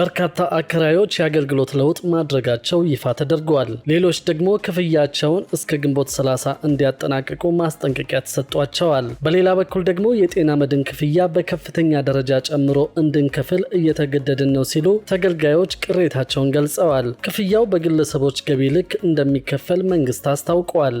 በርካታ አከራዮች የአገልግሎት ለውጥ ማድረጋቸው ይፋ ተደርገዋል። ሌሎች ደግሞ ክፍያቸውን እስከ ግንቦት 30 እንዲያጠናቅቁ ማስጠንቀቂያ ተሰጧቸዋል። በሌላ በኩል ደግሞ የጤና መድን ክፍያ በከፍተኛ ደረጃ ጨምሮ እንድንከፍል እየተገደድን ነው ሲሉ ተገልጋዮች ቅሬታቸውን ገልጸዋል። ክፍያው በግለሰቦች ገቢ ልክ እንደሚከፈል መንግስት አስታውቋል።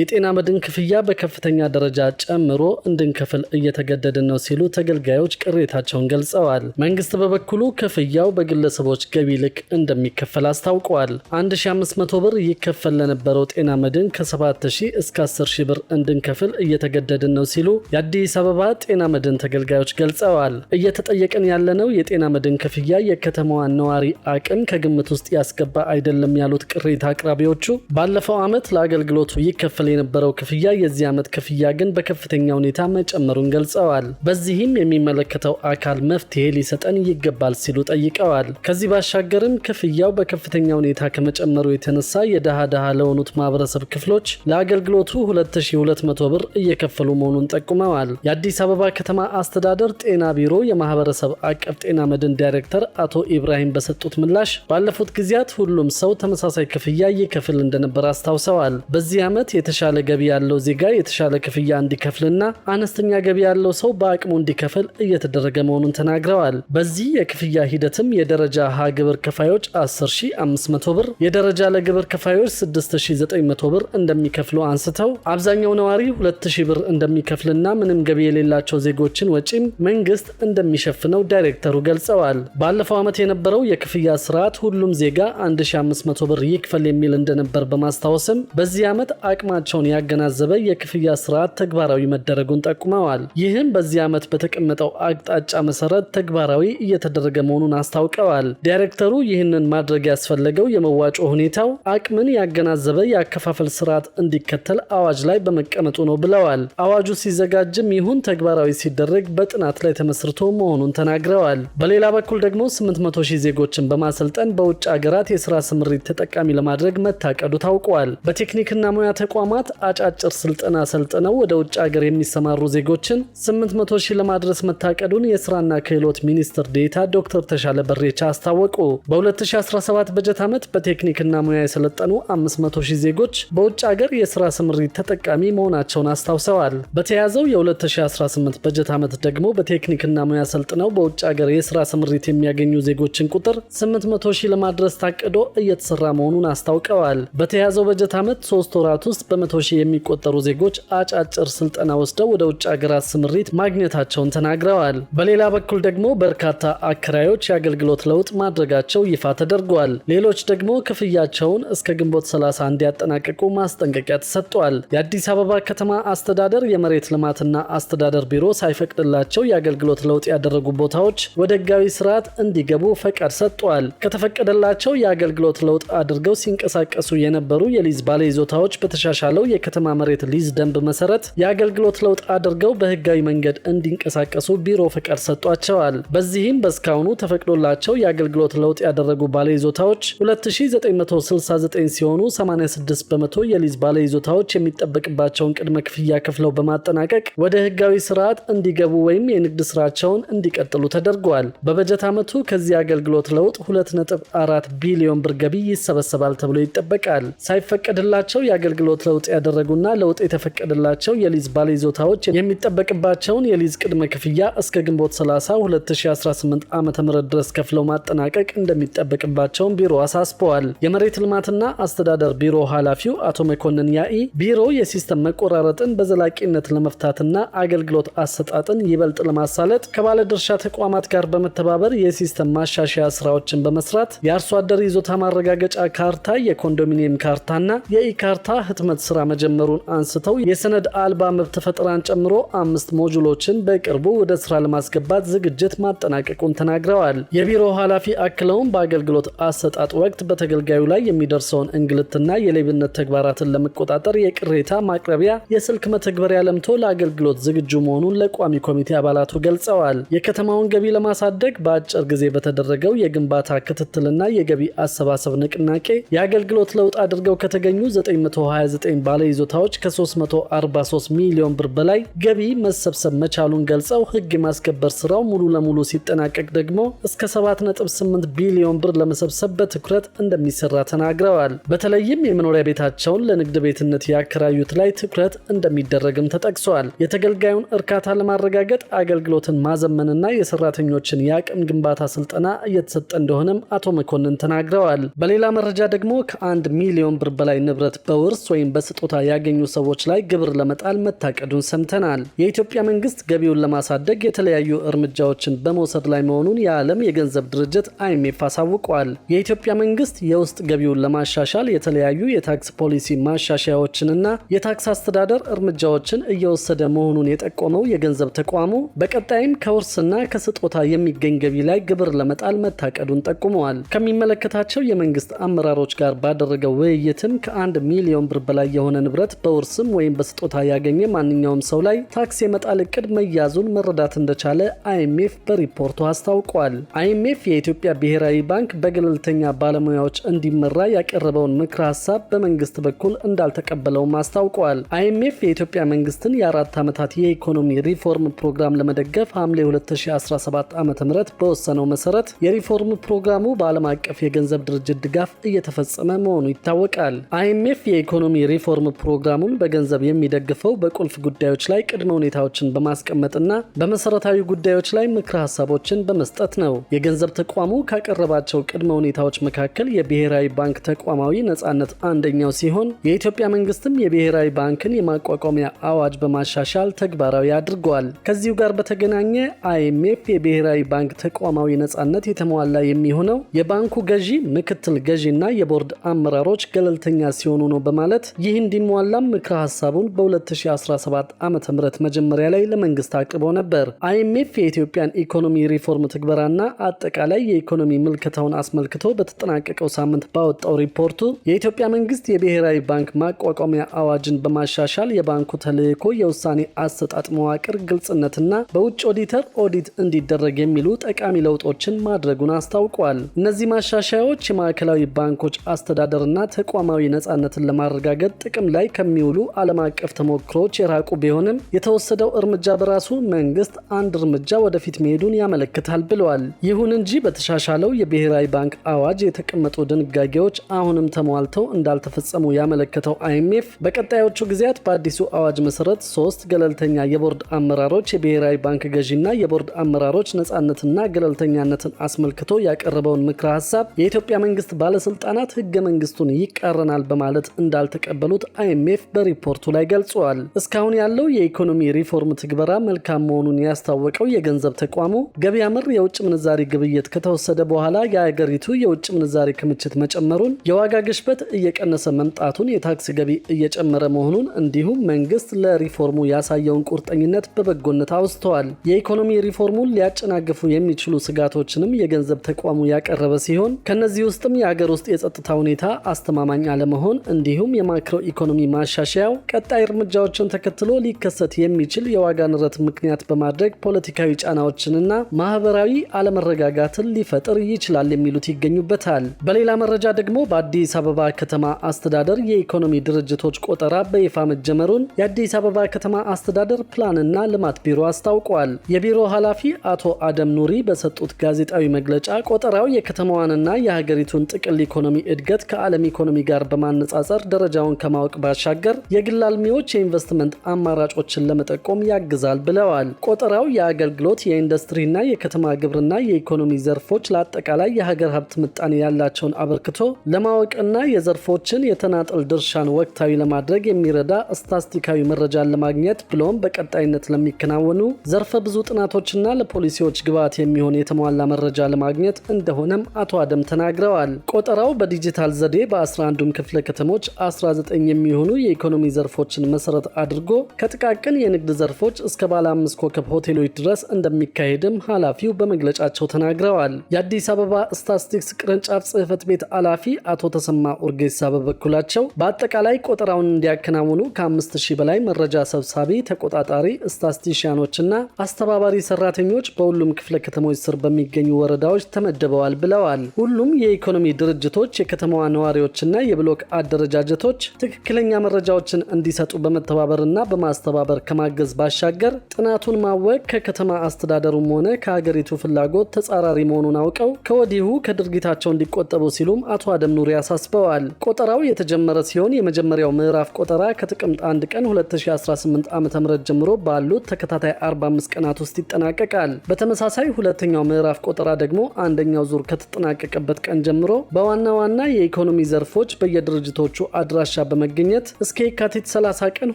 የጤና መድን ክፍያ በከፍተኛ ደረጃ ጨምሮ እንድንከፍል እየተገደድን ነው ሲሉ ተገልጋዮች ቅሬታቸውን ገልጸዋል። መንግስት በበኩሉ ክፍያው በግለሰቦች ገቢ ልክ እንደሚከፈል አስታውቋል። 1500 ብር ይከፈል ለነበረው ጤና መድን ከ7000 እስከ 10000 ብር እንድንከፍል እየተገደድን ነው ሲሉ የአዲስ አበባ ጤና መድን ተገልጋዮች ገልጸዋል። እየተጠየቅን ያለነው የጤና መድን ክፍያ የከተማዋን ነዋሪ አቅም ከግምት ውስጥ ያስገባ አይደለም ያሉት ቅሬታ አቅራቢዎቹ ባለፈው ዓመት ለአገልግሎቱ ይከፈል ይከፈል የነበረው ክፍያ የዚህ ዓመት ክፍያ ግን በከፍተኛ ሁኔታ መጨመሩን ገልጸዋል። በዚህም የሚመለከተው አካል መፍትሄ ሊሰጠን ይገባል ሲሉ ጠይቀዋል። ከዚህ ባሻገርም ክፍያው በከፍተኛ ሁኔታ ከመጨመሩ የተነሳ የደሃ ደሃ ለሆኑት ማህበረሰብ ክፍሎች ለአገልግሎቱ 2200 ብር እየከፈሉ መሆኑን ጠቁመዋል። የአዲስ አበባ ከተማ አስተዳደር ጤና ቢሮ የማህበረሰብ አቀፍ ጤና መድን ዳይሬክተር አቶ ኢብራሂም በሰጡት ምላሽ ባለፉት ጊዜያት ሁሉም ሰው ተመሳሳይ ክፍያ ይከፍል እንደነበር አስታውሰዋል። በዚህ ዓመት የተሻለ ገቢ ያለው ዜጋ የተሻለ ክፍያ እንዲከፍልና አነስተኛ ገቢ ያለው ሰው በአቅሙ እንዲከፍል እየተደረገ መሆኑን ተናግረዋል። በዚህ የክፍያ ሂደትም የደረጃ ሀ ግብር ከፋዮች 10500 ብር፣ የደረጃ ለግብር ከፋዮች 6900 ብር እንደሚከፍሉ አንስተው አብዛኛው ነዋሪ 2000 ብር እንደሚከፍልና ምንም ገቢ የሌላቸው ዜጎችን ወጪም መንግስት እንደሚሸፍነው ዳይሬክተሩ ገልጸዋል። ባለፈው ዓመት የነበረው የክፍያ ስርዓት ሁሉም ዜጋ 1500 ብር ይክፈል የሚል እንደነበር በማስታወስም በዚህ ዓመት አቅማ መሆናቸውን ያገናዘበ የክፍያ ስርዓት ተግባራዊ መደረጉን ጠቁመዋል። ይህም በዚህ ዓመት በተቀመጠው አቅጣጫ መሰረት ተግባራዊ እየተደረገ መሆኑን አስታውቀዋል። ዳይሬክተሩ ይህንን ማድረግ ያስፈለገው የመዋጮ ሁኔታው አቅምን ያገናዘበ የአከፋፈል ስርዓት እንዲከተል አዋጅ ላይ በመቀመጡ ነው ብለዋል። አዋጁ ሲዘጋጅም ይሁን ተግባራዊ ሲደረግ በጥናት ላይ ተመስርቶ መሆኑን ተናግረዋል። በሌላ በኩል ደግሞ 800 ሺህ ዜጎችን በማሰልጠን በውጭ ሀገራት የስራ ስምሪት ተጠቃሚ ለማድረግ መታቀዱ ታውቋል። በቴክኒክና ሙያ ተቋም ተቋማት አጫጭር ስልጠና ሰልጥነው ወደ ውጭ ሀገር የሚሰማሩ ዜጎችን 800 ሺህ ለማድረስ መታቀዱን የስራና ክህሎት ሚኒስትር ዴታ ዶክተር ተሻለ በሬቻ አስታወቁ። በ2017 በጀት ዓመት በቴክኒክና ሙያ የሰለጠኑ 500 ሺህ ዜጎች በውጭ ሀገር የስራ ስምሪት ተጠቃሚ መሆናቸውን አስታውሰዋል። በተያዘው የ2018 በጀት ዓመት ደግሞ በቴክኒክና ሙያ ሰልጥነው በውጭ ሀገር የስራ ስምሪት የሚያገኙ ዜጎችን ቁጥር 800 ሺህ ለማድረስ ታቅዶ እየተሰራ መሆኑን አስታውቀዋል። በተያዘው በጀት ዓመት ሶስት ወራት ውስጥ በ በመቶ ሺህ የሚቆጠሩ ዜጎች አጫጭር ስልጠና ወስደው ወደ ውጭ ሀገራት ስምሪት ማግኘታቸውን ተናግረዋል። በሌላ በኩል ደግሞ በርካታ አከራዮች የአገልግሎት ለውጥ ማድረጋቸው ይፋ ተደርጓል። ሌሎች ደግሞ ክፍያቸውን እስከ ግንቦት 30 እንዲያጠናቅቁ ማስጠንቀቂያ ተሰጥቷል። የአዲስ አበባ ከተማ አስተዳደር የመሬት ልማትና አስተዳደር ቢሮ ሳይፈቅድላቸው የአገልግሎት ለውጥ ያደረጉ ቦታዎች ወደ ህጋዊ ስርዓት እንዲገቡ ፈቃድ ሰጥቷል። ከተፈቀደላቸው የአገልግሎት ለውጥ አድርገው ሲንቀሳቀሱ የነበሩ የሊዝ ባለይዞታዎች በተሻሻ በተሻሻለ ባለው የከተማ መሬት ሊዝ ደንብ መሰረት የአገልግሎት ለውጥ አድርገው በህጋዊ መንገድ እንዲንቀሳቀሱ ቢሮ ፍቃድ ሰጧቸዋል። በዚህም በእስካሁኑ ተፈቅዶላቸው የአገልግሎት ለውጥ ያደረጉ ባለይዞታዎች 2969 ሲሆኑ 86 በመቶ የሊዝ ባለይዞታዎች የሚጠበቅባቸውን ቅድመ ክፍያ ከፍለው በማጠናቀቅ ወደ ህጋዊ ስርዓት እንዲገቡ ወይም የንግድ ስራቸውን እንዲቀጥሉ ተደርጓል። በበጀት ዓመቱ ከዚህ አገልግሎት ለውጥ 2.4 ቢሊዮን ብር ገቢ ይሰበሰባል ተብሎ ይጠበቃል። ሳይፈቀድላቸው የአገልግሎት ለውጥ ለውጥ ያደረጉና ለውጥ የተፈቀደላቸው የሊዝ ባለይዞታዎች የሚጠበቅባቸውን የሊዝ ቅድመ ክፍያ እስከ ግንቦት 30 2018 ዓ ም ድረስ ከፍለው ማጠናቀቅ እንደሚጠበቅባቸውን ቢሮ አሳስበዋል። የመሬት ልማትና አስተዳደር ቢሮ ኃላፊው አቶ መኮንን ያኢ ቢሮ የሲስተም መቆራረጥን በዘላቂነት ለመፍታትና አገልግሎት አሰጣጥን ይበልጥ ለማሳለጥ ከባለድርሻ ተቋማት ጋር በመተባበር የሲስተም ማሻሻያ ስራዎችን በመስራት የአርሶ አደር ይዞታ ማረጋገጫ ካርታ፣ የኮንዶሚኒየም ካርታና የኢ ካርታ ህትመት ስራ መጀመሩን አንስተው የሰነድ አልባ መብት ፈጠራን ጨምሮ አምስት ሞጁሎችን በቅርቡ ወደ ስራ ለማስገባት ዝግጅት ማጠናቀቁን ተናግረዋል። የቢሮው ኃላፊ አክለውም በአገልግሎት አሰጣጥ ወቅት በተገልጋዩ ላይ የሚደርሰውን እንግልትና የሌብነት ተግባራትን ለመቆጣጠር የቅሬታ ማቅረቢያ የስልክ መተግበሪያ ለምቶ ለአገልግሎት ዝግጁ መሆኑን ለቋሚ ኮሚቴ አባላቱ ገልጸዋል። የከተማውን ገቢ ለማሳደግ በአጭር ጊዜ በተደረገው የግንባታ ክትትልና የገቢ አሰባሰብ ንቅናቄ የአገልግሎት ለውጥ አድርገው ከተገኙ 929 ባለ ባለይዞታዎች ከ343 ሚሊዮን ብር በላይ ገቢ መሰብሰብ መቻሉን ገልጸው ሕግ የማስከበር ስራው ሙሉ ለሙሉ ሲጠናቀቅ ደግሞ እስከ 7.8 ቢሊዮን ብር ለመሰብሰብ በትኩረት እንደሚሰራ ተናግረዋል። በተለይም የመኖሪያ ቤታቸውን ለንግድ ቤትነት ያከራዩት ላይ ትኩረት እንደሚደረግም ተጠቅሷል። የተገልጋዩን እርካታ ለማረጋገጥ አገልግሎትን ማዘመንና የሰራተኞችን የአቅም ግንባታ ስልጠና እየተሰጠ እንደሆነም አቶ መኮንን ተናግረዋል። በሌላ መረጃ ደግሞ ከአንድ ሚሊዮን ብር በላይ ንብረት በውርስ ወይም በ ስጦታ ያገኙ ሰዎች ላይ ግብር ለመጣል መታቀዱን ሰምተናል። የኢትዮጵያ መንግስት ገቢውን ለማሳደግ የተለያዩ እርምጃዎችን በመውሰድ ላይ መሆኑን የዓለም የገንዘብ ድርጅት አይሜፍ አሳውቋል። የኢትዮጵያ መንግስት የውስጥ ገቢውን ለማሻሻል የተለያዩ የታክስ ፖሊሲ ማሻሻያዎችንና የታክስ አስተዳደር እርምጃዎችን እየወሰደ መሆኑን የጠቆመው የገንዘብ ተቋሙ በቀጣይም ከውርስና ከስጦታ የሚገኝ ገቢ ላይ ግብር ለመጣል መታቀዱን ጠቁመዋል። ከሚመለከታቸው የመንግስት አመራሮች ጋር ባደረገው ውይይትም ከአንድ ሚሊዮን ብር በላይ በላይ የሆነ ንብረት በውርስም ወይም በስጦታ ያገኘ ማንኛውም ሰው ላይ ታክስ የመጣል እቅድ መያዙን መረዳት እንደቻለ አይኤምኤፍ በሪፖርቱ አስታውቋል። አይኤምኤፍ የኢትዮጵያ ብሔራዊ ባንክ በገለልተኛ ባለሙያዎች እንዲመራ ያቀረበውን ምክረ ሀሳብ በመንግስት በኩል እንዳልተቀበለውም አስታውቋል። አይኤምኤፍ የኢትዮጵያ መንግስትን የአራት ዓመታት የኢኮኖሚ ሪፎርም ፕሮግራም ለመደገፍ ሐምሌ 2017 ዓ ም በወሰነው መሰረት የሪፎርም ፕሮግራሙ በዓለም አቀፍ የገንዘብ ድርጅት ድጋፍ እየተፈጸመ መሆኑ ይታወቃል። አይኤምኤፍ የኢኮኖሚ ሪፎርም ፕሮግራሙን በገንዘብ የሚደግፈው በቁልፍ ጉዳዮች ላይ ቅድመ ሁኔታዎችን በማስቀመጥና በመሰረታዊ ጉዳዮች ላይ ምክረ ሀሳቦችን በመስጠት ነው። የገንዘብ ተቋሙ ካቀረባቸው ቅድመ ሁኔታዎች መካከል የብሔራዊ ባንክ ተቋማዊ ነጻነት አንደኛው ሲሆን የኢትዮጵያ መንግስትም የብሔራዊ ባንክን የማቋቋሚያ አዋጅ በማሻሻል ተግባራዊ አድርገዋል። ከዚሁ ጋር በተገናኘ አይኤምኤፍ የብሔራዊ ባንክ ተቋማዊ ነጻነት የተሟላ የሚሆነው የባንኩ ገዢ፣ ምክትል ገዢና የቦርድ አመራሮች ገለልተኛ ሲሆኑ ነው በማለት ይህ እንዲሟላም ምክረ ሀሳቡን በ2017 ዓ ም መጀመሪያ ላይ ለመንግስት አቅርቦ ነበር። አይኤምኤፍ የኢትዮጵያን ኢኮኖሚ ሪፎርም ትግበራና አጠቃላይ የኢኮኖሚ ምልከታውን አስመልክቶ በተጠናቀቀው ሳምንት ባወጣው ሪፖርቱ የኢትዮጵያ መንግስት የብሔራዊ ባንክ ማቋቋሚያ አዋጅን በማሻሻል የባንኩ ተልዕኮ የውሳኔ አሰጣጥ መዋቅር ግልጽነትና በውጭ ኦዲተር ኦዲት እንዲደረግ የሚሉ ጠቃሚ ለውጦችን ማድረጉን አስታውቋል። እነዚህ ማሻሻያዎች የማዕከላዊ ባንኮች አስተዳደርና ተቋማዊ ነጻነትን ለማረጋገጥ ጥቅም ላይ ከሚውሉ ዓለም አቀፍ ተሞክሮች የራቁ ቢሆንም የተወሰደው እርምጃ በራሱ መንግስት አንድ እርምጃ ወደፊት መሄዱን ያመለክታል ብለዋል። ይሁን እንጂ በተሻሻለው የብሔራዊ ባንክ አዋጅ የተቀመጡ ድንጋጌዎች አሁንም ተሟልተው እንዳልተፈጸሙ ያመለከተው አይኤምኤፍ በቀጣዮቹ ጊዜያት በአዲሱ አዋጅ መሰረት ሶስት ገለልተኛ የቦርድ አመራሮች የብሔራዊ ባንክ ገዢና የቦርድ አመራሮች ነጻነትና ገለልተኛነትን አስመልክቶ ያቀረበውን ምክረ ሀሳብ የኢትዮጵያ መንግስት ባለስልጣናት ህገ መንግስቱን ይቃረናል በማለት እንዳልተቀበሉ እንደሚቀበሉት አይኤምኤፍ በሪፖርቱ ላይ ገልጿል። እስካሁን ያለው የኢኮኖሚ ሪፎርም ትግበራ መልካም መሆኑን ያስታወቀው የገንዘብ ተቋሙ ገበያ መር የውጭ ምንዛሪ ግብይት ከተወሰደ በኋላ የአገሪቱ የውጭ ምንዛሪ ክምችት መጨመሩን፣ የዋጋ ግሽበት እየቀነሰ መምጣቱን፣ የታክስ ገቢ እየጨመረ መሆኑን እንዲሁም መንግስት ለሪፎርሙ ያሳየውን ቁርጠኝነት በበጎነት አውስተዋል። የኢኮኖሚ ሪፎርሙን ሊያጨናግፉ የሚችሉ ስጋቶችንም የገንዘብ ተቋሙ ያቀረበ ሲሆን ከነዚህ ውስጥም የአገር ውስጥ የጸጥታ ሁኔታ አስተማማኝ አለመሆን እንዲሁም የማክሮ ኢኮኖሚ ማሻሻያው ቀጣይ እርምጃዎችን ተከትሎ ሊከሰት የሚችል የዋጋ ንረት ምክንያት በማድረግ ፖለቲካዊ ጫናዎችንና ማህበራዊ አለመረጋጋትን ሊፈጥር ይችላል የሚሉት ይገኙበታል። በሌላ መረጃ ደግሞ በአዲስ አበባ ከተማ አስተዳደር የኢኮኖሚ ድርጅቶች ቆጠራ በይፋ መጀመሩን የአዲስ አበባ ከተማ አስተዳደር ፕላንና ልማት ቢሮ አስታውቋል። የቢሮ ኃላፊ አቶ አደም ኑሪ በሰጡት ጋዜጣዊ መግለጫ ቆጠራው የከተማዋንና የሀገሪቱን ጥቅል ኢኮኖሚ እድገት ከዓለም ኢኮኖሚ ጋር በማነጻጸር ደረጃውን ከ ከማወቅ ባሻገር የግል አልሚዎች የኢንቨስትመንት አማራጮችን ለመጠቆም ያግዛል ብለዋል። ቆጠራው የአገልግሎት፣ የኢንዱስትሪና የከተማ ግብርና የኢኮኖሚ ዘርፎች ለአጠቃላይ የሀገር ሀብት ምጣኔ ያላቸውን አበርክቶ ለማወቅና የዘርፎችን የተናጠል ድርሻን ወቅታዊ ለማድረግ የሚረዳ ስታስቲካዊ መረጃን ለማግኘት ብሎም በቀጣይነት ለሚከናወኑ ዘርፈ ብዙ ጥናቶችና ለፖሊሲዎች ግብዓት የሚሆን የተሟላ መረጃ ለማግኘት እንደሆነም አቶ አደም ተናግረዋል። ቆጠራው በዲጂታል ዘዴ በ11ዱም ክፍለ ከተሞች 19 የሚሆኑ የኢኮኖሚ ዘርፎችን መሰረት አድርጎ ከጥቃቅን የንግድ ዘርፎች እስከ ባለ አምስት ኮከብ ሆቴሎች ድረስ እንደሚካሄድም ኃላፊው በመግለጫቸው ተናግረዋል። የአዲስ አበባ ስታትስቲክስ ቅርንጫፍ ጽህፈት ቤት ኃላፊ አቶ ተሰማ ኡርጌሳ በበኩላቸው በአጠቃላይ ቆጠራውን እንዲያከናውኑ ከአምስት ሺህ በላይ መረጃ ሰብሳቢ፣ ተቆጣጣሪ፣ ስታስቲሽያኖችና አስተባባሪ ሰራተኞች በሁሉም ክፍለ ከተሞች ስር በሚገኙ ወረዳዎች ተመድበዋል ብለዋል። ሁሉም የኢኮኖሚ ድርጅቶች የከተማዋ ነዋሪዎችና የብሎክ አደረጃጀቶች ትክክለኛ መረጃዎችን እንዲሰጡ በመተባበርና በማስተባበር ከማገዝ ባሻገር ጥናቱን ማወቅ ከከተማ አስተዳደሩም ሆነ ከሀገሪቱ ፍላጎት ተጻራሪ መሆኑን አውቀው ከወዲሁ ከድርጊታቸው እንዲቆጠቡ ሲሉም አቶ አደም ኑሪ አሳስበዋል። ቆጠራው የተጀመረ ሲሆን የመጀመሪያው ምዕራፍ ቆጠራ ከጥቅምት 1 ቀን 2018 ዓ ም ጀምሮ ባሉት ተከታታይ 45 ቀናት ውስጥ ይጠናቀቃል። በተመሳሳይ ሁለተኛው ምዕራፍ ቆጠራ ደግሞ አንደኛው ዙር ከተጠናቀቀበት ቀን ጀምሮ በዋና ዋና የኢኮኖሚ ዘርፎች በየድርጅቶቹ አድራሻ በመገኘት እስከ የካቲት 30 ቀን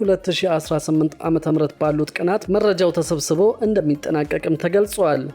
2018 ዓ ም ባሉት ቀናት መረጃው ተሰብስቦ እንደሚጠናቀቅም ተገልጿል።